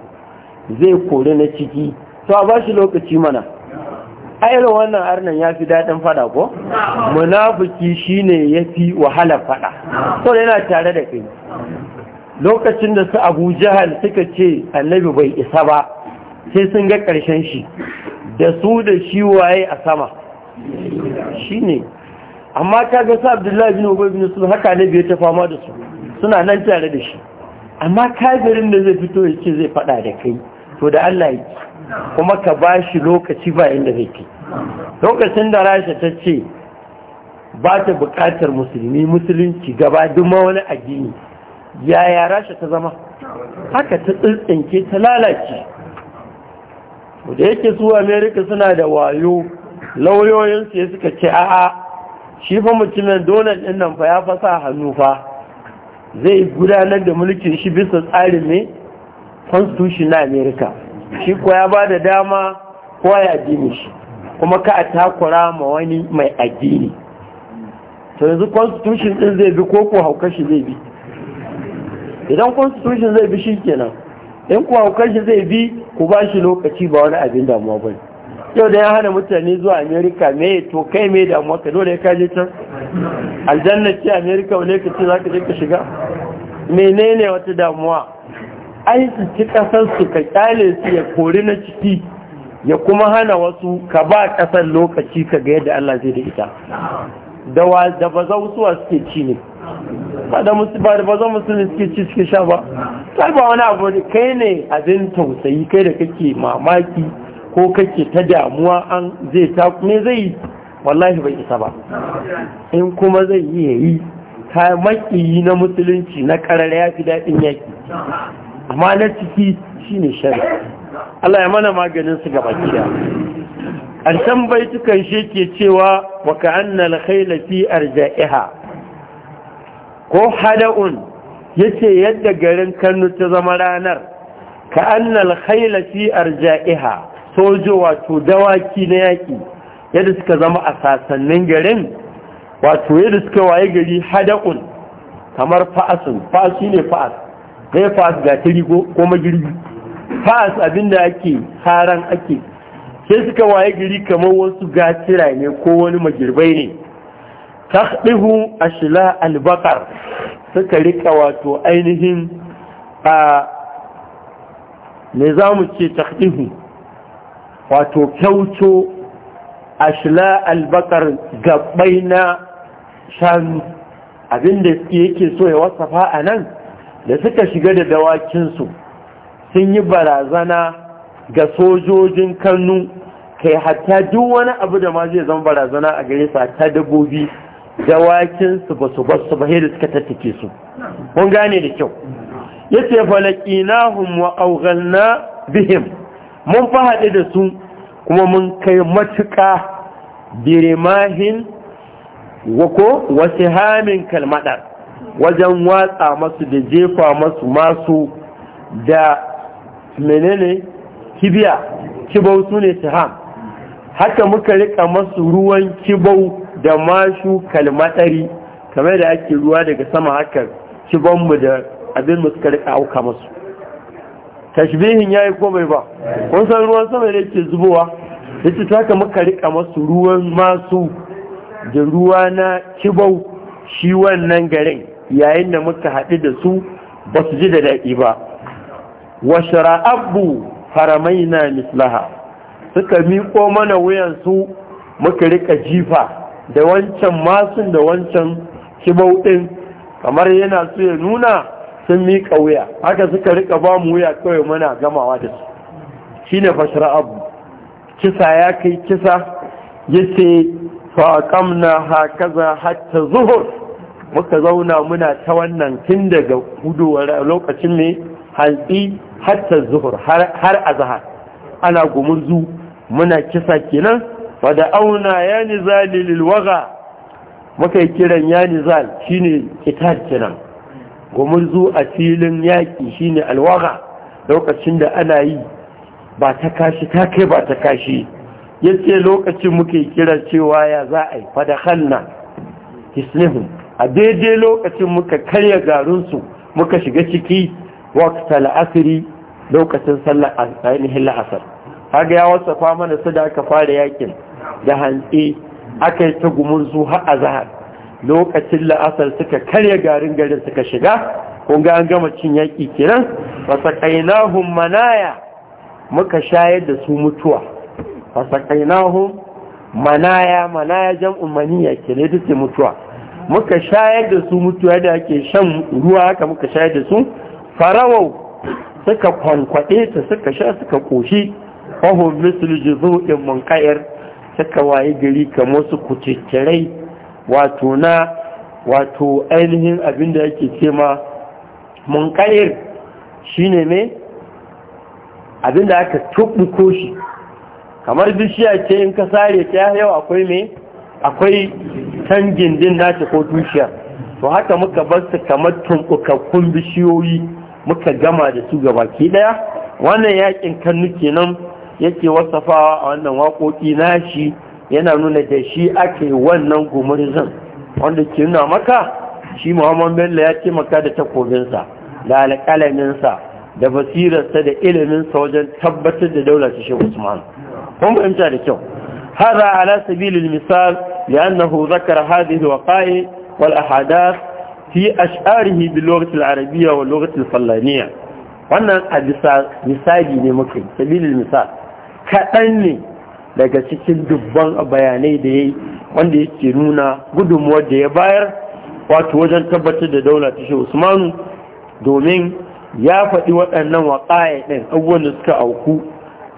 zai kori na ciki to a ba shi lokaci mana irin wannan arnan ya fi daɗin fada ko munafiki ne ya fi wahala fada saboda yana tare da kai lokacin da su abu jihar suka ce annabi bai isa ba sai sun ga ƙarshen shi da su da shi waye a sama shi ne amma ta ga sa abdullahi bin ogoyi bin sun haka ne biya ta fama da su suna nan tare da shi amma kafirin da zai fito ya ce zai fada da kai to da allah ya kuma ka ba shi lokaci ba inda zai ke lokacin da rasha ta ce ba ta bukatar musulmi musulunci gaba ma wani addini yaya rasha ta zama haka ta tsintsinke ta lalace da yake su amerika suna da wayo lauyoyin su suka ce a'a shi fa mutumin donald din nan fa ya fasa hannu fa zai gudanar da mulkin shi bisa tsarin ne constitution na america shi ko ya ba da dama ko ya dini shi kuma ka a takura ma wani mai addini to yanzu constitution din zai bi ko hauka shi zai bi idan constitution zai bi shi kenan in ku hauka shi zai bi ku ba shi lokaci ba wani abin damuwa bane yau da ya hana mutane zuwa amerika me to kai me da maka dole ka je can aljanna amerika wane ka ce za ka je ka shiga menene wata damuwa ai su ci kasar su ka kyale su ya kori na ciki ya kuma hana wasu ka ba kasar lokaci ka ga yadda Allah zai da ita da wa da wasu suke ci ne ba da ba za musu ne suke ci suke sha ba kai ba wani abu kai ne abin tausayi kai da kake mamaki ko kake ta damuwa an zai ta me zai yi wallahi bai isa ba in kuma zai yi yayi ta yi na musulunci na karar ya fi daɗin yaki amma na ciki ne shari Allah ya mana maganin su gaba kiya ƙarshen baitukan shi ke cewa wa ka al-khayla fi arja'iha ko hada'un yace yadda garin Kano ta zama ranar ka al-khayla fi arja'iha sojo wato dawaki na yaƙi yadda suka zama a sasannin garin wato yadda suka waye gari hadakun kamar fa'asun fa'as shi ne fa'as ne fa'as ga tiri ko magirbi fa'as abinda ake haran ake sai suka waye gari kamar wasu gatira ne ko wani magirbai ne ɗihu a shila albakar suka riƙa wato ainihin a ne za mu ce ɗihu wato kyauto ashla albakar gabbai na shanu abinda yake so ya wasafa a nan da suka shiga da dawakinsu sun yi barazana ga sojojin kannu kai hatta duk wani abu da ma zai zama barazana a gare su hatta dabbobi dawakinsu ba su basu ba da suka tattake su kun gane da kyau yace falaqinahum wa awghalna bihim mun fahaɗe da su kuma mun kai matuƙa birimahin wako wasu hamin kalmaɗar wajen watsa masu da jefa masu masu da menene kibiya kibau su ne ham haka muka rika masu ruwan kibau da mashu kalmaɗari kamar da ake ruwa daga sama haka kibanmu da abin musu suka auka masu tashbihin ya yi komai ba kun san ruwan sama da yake zubowa yace ta haka muka rika masu ruwan masu da ruwa na kibau shi wannan garin yayin da muka haɗu da su ba su ji da daɗi ba wa shara'abu na mislaha suka miƙo mana wuyansu muka rika jifa da wancan masun da wancan kibau ɗin kamar yana so ya nuna sun miƙa wuya haka suka riƙa ba mu wuya kawai muna gamawa da su shine fashira abu kisa ya kai kisa ya yace fa haka za hatta zuhur muka zauna muna ta wannan tun daga hudowar lokacin ne hantsi hatta zuhur har a zaha ana gumurzu muna kisa kenan wada auna ya nizali lilwaga muka yi kiran ya nizal ne kitar kenan gumurzu a filin yaƙi shine alwaga lokacin da ana yi ba ta kashi ta kai ba ta kashi yace lokacin muke kira cewa ya za a yi fadahanna islihun a daidai lokacin muka karya garinsu muka shiga ciki wakta la'asiri lokacin sallar ainihin la'asar haga ya wasafa mana su da aka fara yakin da hantsi aka ta gumurzu har a zahar lokacin la'asar suka karya garin garin suka shiga kun an gama cin yaƙi kenan fasaƙainahum manaya muka shayar da su mutuwa fasaƙainahum manaya manaya jam'un maniya kenan duk mutuwa muka shayar da su mutuwa da ake shan ruwa haka muka shayar da su farawau suka kwankwaɗe ta suka sha suka ƙoshi ƙwahon misali jizo ɗin munƙayar suka waye gari kamar su kuciccirai wato na wato ainihin abinda yake ce ma shine ne abinda aka tubbuko shi kamar bishiya ce in ka sare ta yau akwai mai akwai can gindin nata ko tushiyar to haka muka bar su kamar tumbukakkun bishiyoyi muka gama da su gabaki daya wannan yakin kannu kenan yake wasafawa a wannan waƙoƙi nashi yana nuna da shi ake wannan gumurzin wanda ke nuna maka shi muhammad bello ya taimaka da takobinsa da alƙalaminsa da basirarsa da iliminsa wajen tabbatar da daular shi usman kun fahimta da kyau Haza Ala misal, هذا على سبيل المثال لأنه ذكر هذه الوقائع والأحداث في أشعاره باللغة العربية واللغة الفلانية wannan a bisa misali ne muke sabilin misal kaɗan ne daga cikin dubban bayanai da ya yi wanda ya yake nuna gudunmuwar da ya bayar wato wajen tabbatar da daula ta shi usmanu domin ya faɗi waɗannan waƙaya ɗin abubuwan da suka auku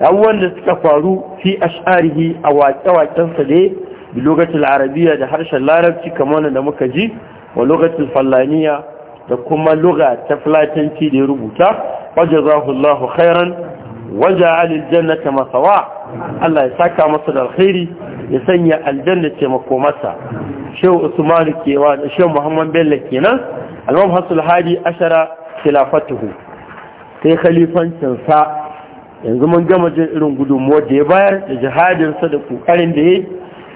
abubuwan da suka faru fi ash'arihi a waƙe-waƙensa da ya lokacin arabiya da harshen larabci kamar da muka ji wa lokacin fallaniya da kuma luga ta fulatanci da ya rubuta wajen zahu khairan waje aljannata masawa Allah ya saka masa da alkhairi ya sanya aljanna taimako masa. shehu usman kewa da shehu muhammad bello kenan almam hasul hadi ashara khilafatuhu sai khalifancin sa yanzu mun gama jin irin gudunmuwa da ya bayar da jihadinsa da kokarin da ya yi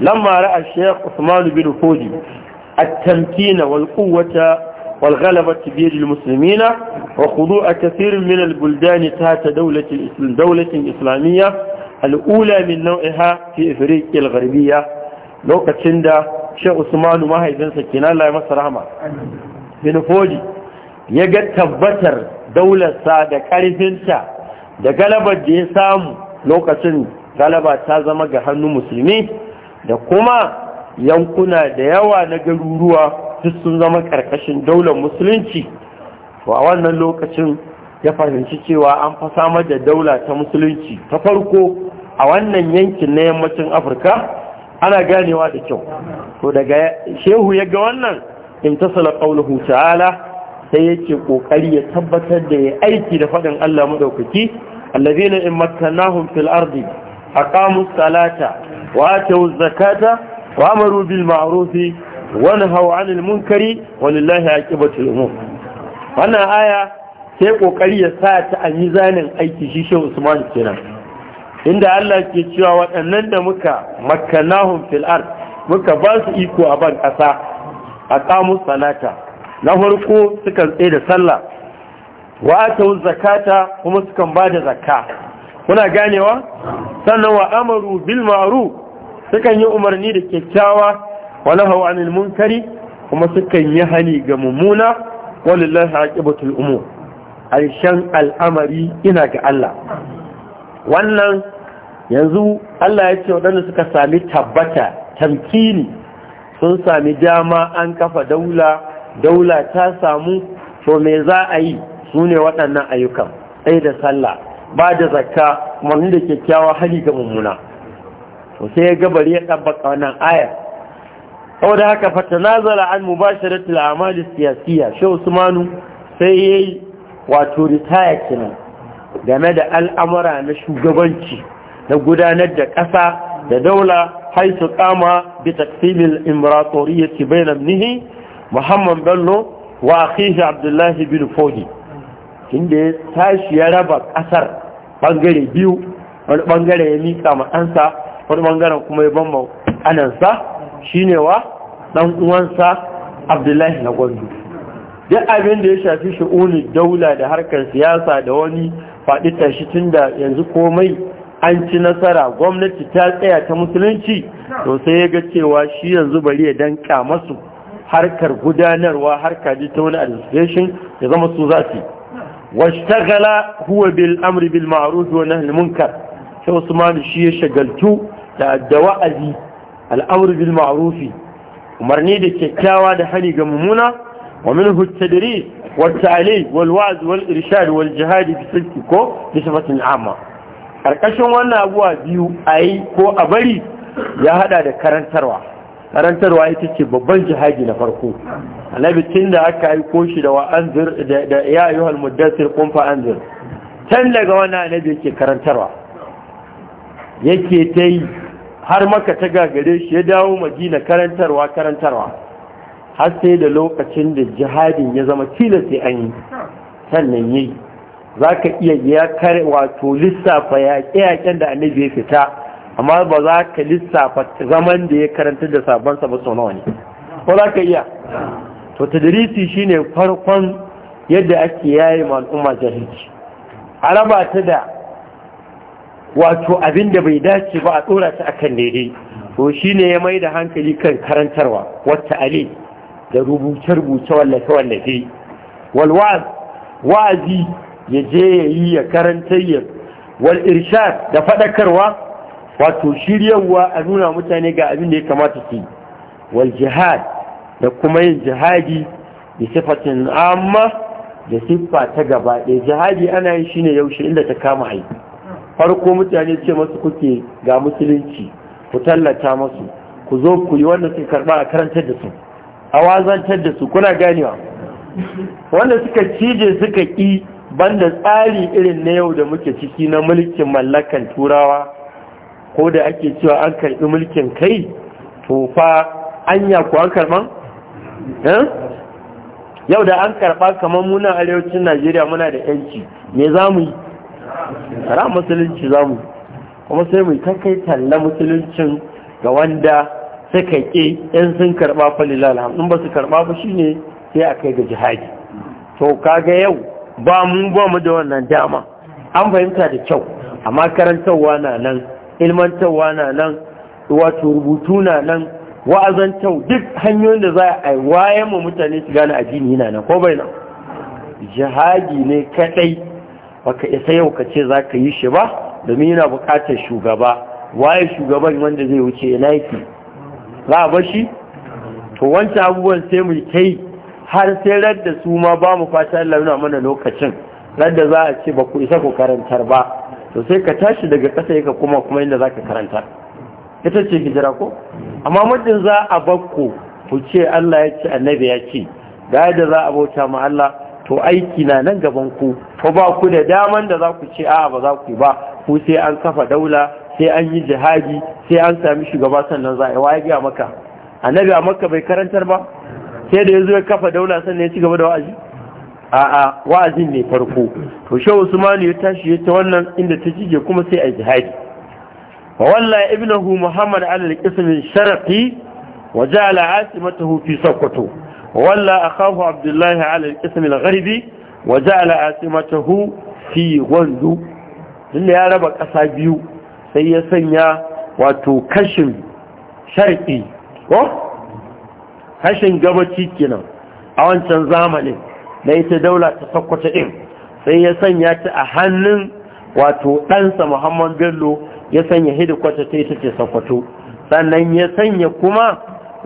lamma a shehu usman bin fodi a tamkina wal والغلبة بيد المسلمين وخضوع كثير من البلدان تحت دولة, دولة إسلامية الأولى من نوعها في إفريقيا الغربية لو كتشند شيخ عثمان ما هي بنسى كنا لا يمس رحمة بن فوجي يجد تبتر دولة سادة كارفنسا da galabar da ya samu lokacin galaba ta zama ga hannun musulmi da kuma yankuna da yawa na garuruwa duk sun zama ƙarƙashin daular musulunci to a wannan lokacin ya fahimci cewa an fa samar da daula ta musulunci ta farko a wannan yankin na yammacin afirka ana ganewa da kyau to daga shehu ya ga wannan imtasala qawluhu ta'ala sai yake kokari ya tabbatar da ya aiki da faɗin Allah madaukaki allazina in makkannahum fil ardi aqamu salata wa atu zakata wa amaru bil ma'ruf wani hau anil munkari a aqibatul umur wannan aya sai kokari ya sa ta a mizanin aiki shi shehu usman kenan inda Allah ke cewa waɗannan da muka makanahun fil'ar muka ba su iko a ban ƙasa a kamus sanata, na farko sukan tsaye da sallah wa zakata kuma sukan ba da zakka kuna ganewa sannan wa amaru bil sukan yi umarni da kyakkyawa wani hawa anil munkari kuma sukan yi hani ga mummuna walillahi aqibatul umu. harshen al'amari ina ga Allah wannan yanzu Allah ya ce waɗanda suka sami tabbata tamkini sun sami dama an kafa daula daula ta samu to me za a yi sune ne waɗannan ayyukan sai da sallah ba da zakka umarni da kyakkyawa hali ga mummuna to sai ya gabar ya ɗabbaka wannan ayar saboda haka fatanazala an mubasharatul tilamali siyasiya shi Usmanu sai yi wato ritaya kina game da al'amura na shugabanci na gudanar da ƙasa da daula haisu kama bi taqsimil imratoriyyati nihi nihi Muhammad Bello wa abdullahi abdullahi bin Fodi inda ya tashi ya raba ƙasar bangare biyu wani bangare ya mika ma ɗansa wani bangaren kuma ya ban ƙanansa shine wa ɗan uwansa abdullahi na gwandu duk abin da ya shafi shi'uni daula da harkar siyasa da wani faɗi shi tun da yanzu komai an ci nasara gwamnati ta tsaya ta musulunci to sai ya ga cewa shi yanzu bari ya danka masu harkar gudanarwa harka ji ta wani administration ya zama su za su washtagala huwa bil amri bil ma'ruf wa nahy munkar sai Usman shi ya shagaltu da da wa'azi al'amru bil ma'arufi umarni da kyakkyawa da hani ga mummuna wa minhu at-tadrib wa at wal wa'z wal irshad wal jihad fi sidqi ko bi sifatin amma karkashin wannan abuwa biyu ayi ko a bari ya hada da karantarwa karantarwa ita ce babban jihadi na farko annabi tun da aka aiko shi da wa'anzir da ya ayyuhal muddathir qum fa anzir can daga wannan annabi yake karantarwa yake ta yi har maka ta gagare shi ya dawo madina karantarwa karantarwa har sai da lokacin da jihadin ya zama tilas sai an yi sannan yi za ka iya ya kare wato lissafa yaƙe-yaƙen da annabi ya fita amma ba za ka lissafa zaman da ya karanta da sabansa ba sau nawa ne ko za ka iya to tadrisi shine farkon yadda ake yayi ma al'umma jahilci a raba ta da wato abin da bai dace ba a dora ta akan daidai to shine ya mai da hankali kan karantarwa wata ale da rubuce rubuce wallafe wallafe wal wa'azi ya je ya yi ya karanta wal irshad da faɗakarwa? wato shiryarwa a nuna mutane ga abin da ya kamata su wal jihad da kuma yin jihadi da sifatin amma da siffa ta gaba ɗaya jihadi ana yin shine yaushe inda ta kama aiki farko mutane ce masu kuke ga musulunci ku tallata masu ku zo ku yi wanda suka karba a karantar da su a wazantar da su kuna ganewa wanda suka cije suka ƙi banda tsari irin na yau da muke ciki na mulkin mallakan turawa ko da ake cewa an karɓi mulkin kai to fa anya ku an karɓan? Eh? yau da an karɓa kamar muna arewacin najeriya muna da yanci me za mu yi tara musulunci za mu kuma sai mu ta kai talla musuluncin ga wanda suka ƙi ɗin sun karɓa falila alhamdun ba su karɓa ba shi ne sai a kai ga jihadi to ga yau ba mu ba mu da wannan dama an fahimta da kyau amma karantarwa na nan ilmantarwa na nan wato rubutu na nan kyau duk hanyoyin da za a wayan mu mutane su gane addini na nan ko bai nan jihadi ne kaɗai. baka isa yau ka ce za ka yi shi ba domin yana bukatar shugaba waye shugaban wanda zai wuce ina yake za a bashi to wancan abubuwan sai mu kai har sai radda su ma ba mu fata Allah yana mana lokacin radda za a ce ba ku isa ku karantar ba to sai ka tashi daga ƙasa ka kuma kuma inda zaka ka karantar ita ce hijira ko amma muddin za a bakku ku ce Allah ya ce annabi ya ce Da yadda za a bauta ma Allah to aiki na nan gaban ku ko ba ku da daman da za ku ce a'a ba za ku ba ku sai an kafa daula sai an yi jihadi sai an sami shugaba sannan za a waye ga maka annabi a maka bai karantar ba sai da yazo ya kafa daula sannan ya ci gaba da wa'azi a'a wa'azin ne farko to shi usmanu ya tashi ya ta wannan inda ta jige kuma sai a jihadi wa wallahi ibnu muhammad ala al-qism sharafi wa ja'ala asimatahu fi sokoto walla akahu abdullahi ala al-qism al-gharibi asimatahu fi gwandu ya raba biyu sai ya sanya wato kashin sharqi ko kashin gabaci kenan a wancan zamanin na ita daula ta sakkwata din sai ya sanya ta a hannun wato ɗansa muhammad bello ya sanya hidikwata ta ita ce sakwato sannan ya sanya kuma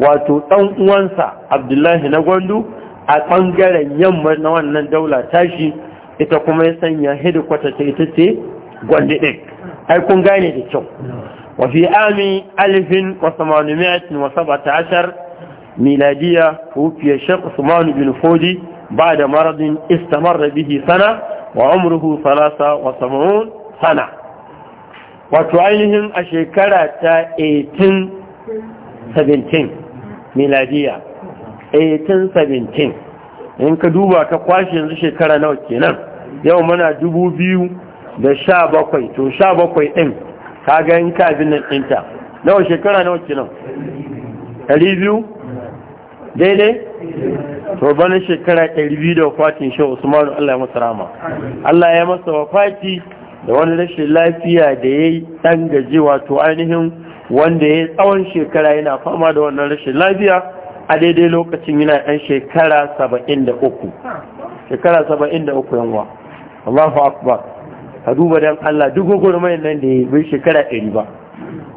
wato ɗan uwansa abdullahi na gwandu a ɓangaren yamma na wannan daula tashi ita kuma ya sanya hidikwata ta ita ce gwandu ɗin aikun gane da kyau wafi ami alifin wa ashar miladiya hufiyar shek usman bin fodi ba da maradin istamar bihi sana wa umruhu salasa wa samanun sana wato ainihin a shekara ta 1817 miladiya 1817 in ka duba ka kwashe yanzu shekara nawa kenan yau muna 2017 to 17 din ka ga in ka bin nan ɗinta nawa shekara nawa kenan 200 daidai to bana shekara 200 da wafatin shi Usman Allah ya masa rama Allah ya masa wafati da wani rashin lafiya da ya yi ɗan gaji wato ainihin wanda ya tsawon shekara yana fama da wannan rashin lafiya a daidai lokacin yana ɗan shekara saba'in da uku shekara saba'in da uku yanwa Allahu akbar ka duba don Allah duk mai nan da ya bai shekara ɗari ba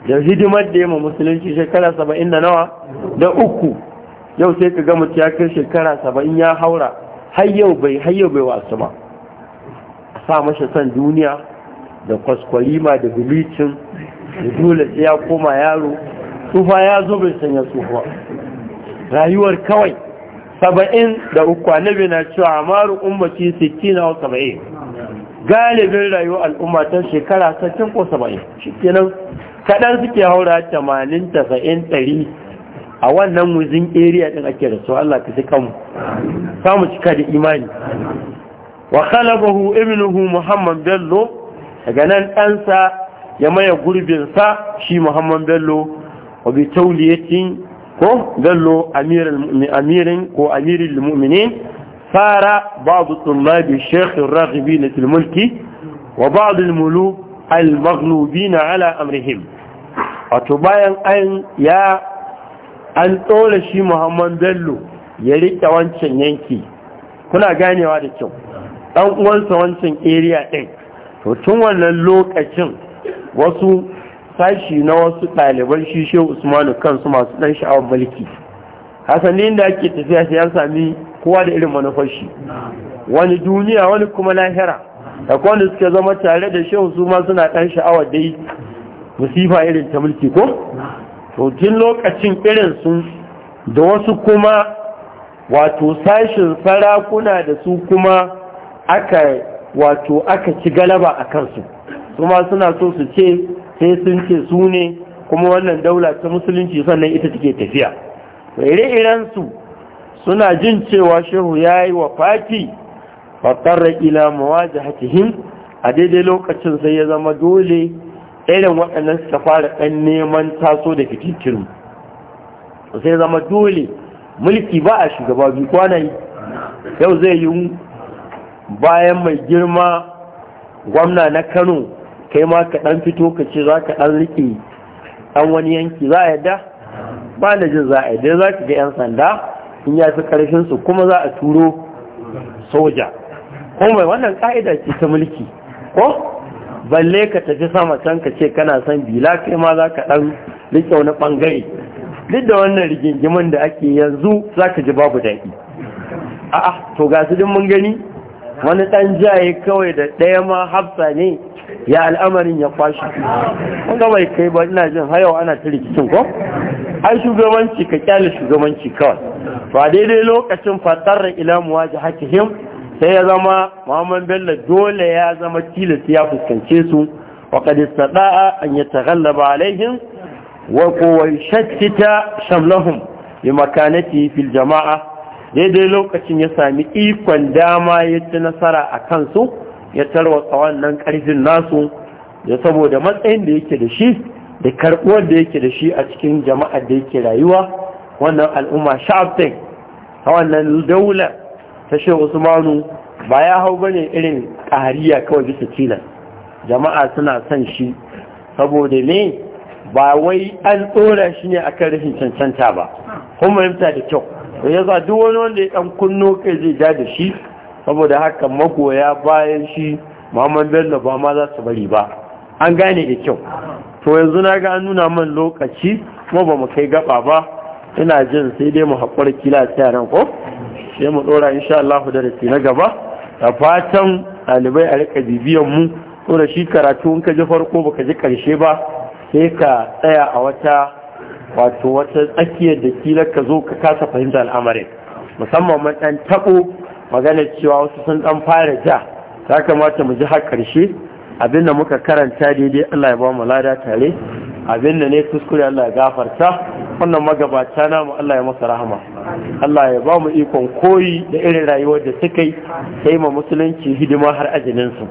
da hidimar da ya ma musulunci shekara saba'in da nawa da uku yau sai ka gama ya kai shekara saba'in ya haura har yau bai har yau bai wasu ba sa mashi son duniya da kwaskwalima da bilicin da dole sai ya koma yaro tsufa ya zo bai sanya tsufa rayuwar kawai saba'in da uku annabi na cewa amaru ummaci sittina wa saba'in galibin rayuwar al'umma ta shekara sittin ko saba'in shikenan kadan suke haura tamanin tasa'in ɗari a wannan muzin area din ake da su Allah ka sai kanmu samu cika da imani wa khalabahu ibnuhu muhammad bello daga nan ɗansa ya maye gurbinsa shi muhammad bello wa bi tauliyatin ko bello amirin ko amirin mu'minin fara babu tsullabi shekhin ragibi na tilmulki wa babu mulu al na ala amrihim wato bayan an ya an tsola shi muhammad bello ya rike wancan yanki kuna ganewa da kyau ɗan uwansa wancan area ɗin to tun wannan lokacin wasu sashi na wasu ɗaliban shi shehu usmanu kansu masu ɗan sha'awar mulki hasanin da ake tafiya sai ya sami kowa da irin manufar shi wani duniya wani kuma lahira da da suka zama tare da shehu su ma suna ɗan sha'awar dai musifa irin ta mulki ko to tun lokacin irin sun da wasu kuma wato sashin sarakuna da su kuma aka wato aka ci galaba a kansu kuma suna so su ce sai sun ce su ne kuma wannan daula ta musulunci sannan ita take tafiya ire-iren su suna jin cewa shehu ya yi wa fati fatarra ila mawaji a daidai lokacin sai ya zama dole irin waɗannan suka fara ɗan neman taso da fitikin sai ya zama dole mulki ba a shugaba biyu kwanayi yau zai yi bayan mai girma gwamna na kano kai ma ka dan fito ka ce za ka ɗan riƙe ɗan wani yanki za a yadda ba da jin za a yadda za ka ga 'yan sanda in ya fi su kuma za a turo soja ko mai wannan ƙa'ida ce ta mulki ko balle ka tafi sama can ka ce kana son bila kai ma za ka ɗan riƙe wani ɓangare duk da wannan rigingimin da ake yanzu za ka ji babu daɗi a'a to ga su din mun gani wani ɗan jaye kawai da ɗaya ma hafsa ne ya al'amarin ya kwashi kun ga bai kai ba ina jin hayawa ana ta rikicin ko ai shugabanci ka kyale shugabanci kawai ba daidai lokacin fatarra ila muwaji hakihim sai ya zama muhammad bello dole ya zama tilasta ya fuskance su wa qad istata'a an yataghallaba alaihim wa qawai shattita shamlahum bi makanati fil jama'a daidai lokacin ya sami ikon dama ya ci nasara a kansu ya tarwatsa wannan ƙarfin nasu da saboda matsayin da yake da shi da karɓuwar da yake da shi a cikin jama'ar da yake rayuwa wannan al'umma sha'abtai a wannan daular ta shi usmanu ba ya hau bane irin ƙariya kawai bisa tilan jama'a suna son shi saboda ne ba wai an tsora shi ne akan rashin cancanta ba kuma yamta da kyau ya za duk wani wanda ya ɗan kunno kai zai ja da shi saboda haka magoya bayan shi muhammadu Bello ba ma za su bari ba an gane da kyau to yanzu na ga nuna man lokaci kuma ba mu kai gaba ba ina jin sai dai mu haƙura kila ta nan ko sai mu ɗora sha Allah da rafi na gaba da fatan ɗalibai a rika bibiyan mu ko da shi karatu in ka ji farko baka ji ƙarshe ba sai ka tsaya a wata wato wata tsakiyar da kila ka zo ka kasa fahimta al'amarin musamman man ɗan taɓo magana cewa wasu sun dan fara ja ta kamata mu ji har karshe abinda muka karanta daidai Allah ya ba mu lada tare abinda ne kuskure Allah ya gafarta wannan magabata namu Allah ya masa rahama Allah ya ba mu ikon koyi da irin rayuwar da suka yi sai ma musulunci hidima har ajalin su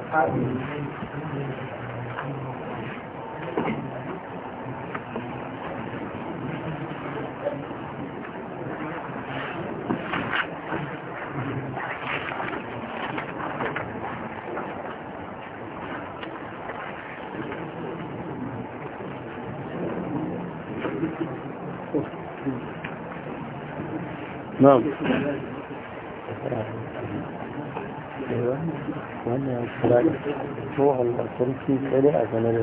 na'am wannan kira ko Allah sarki kare a sanar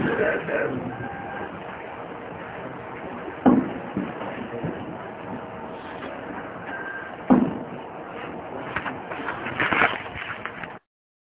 da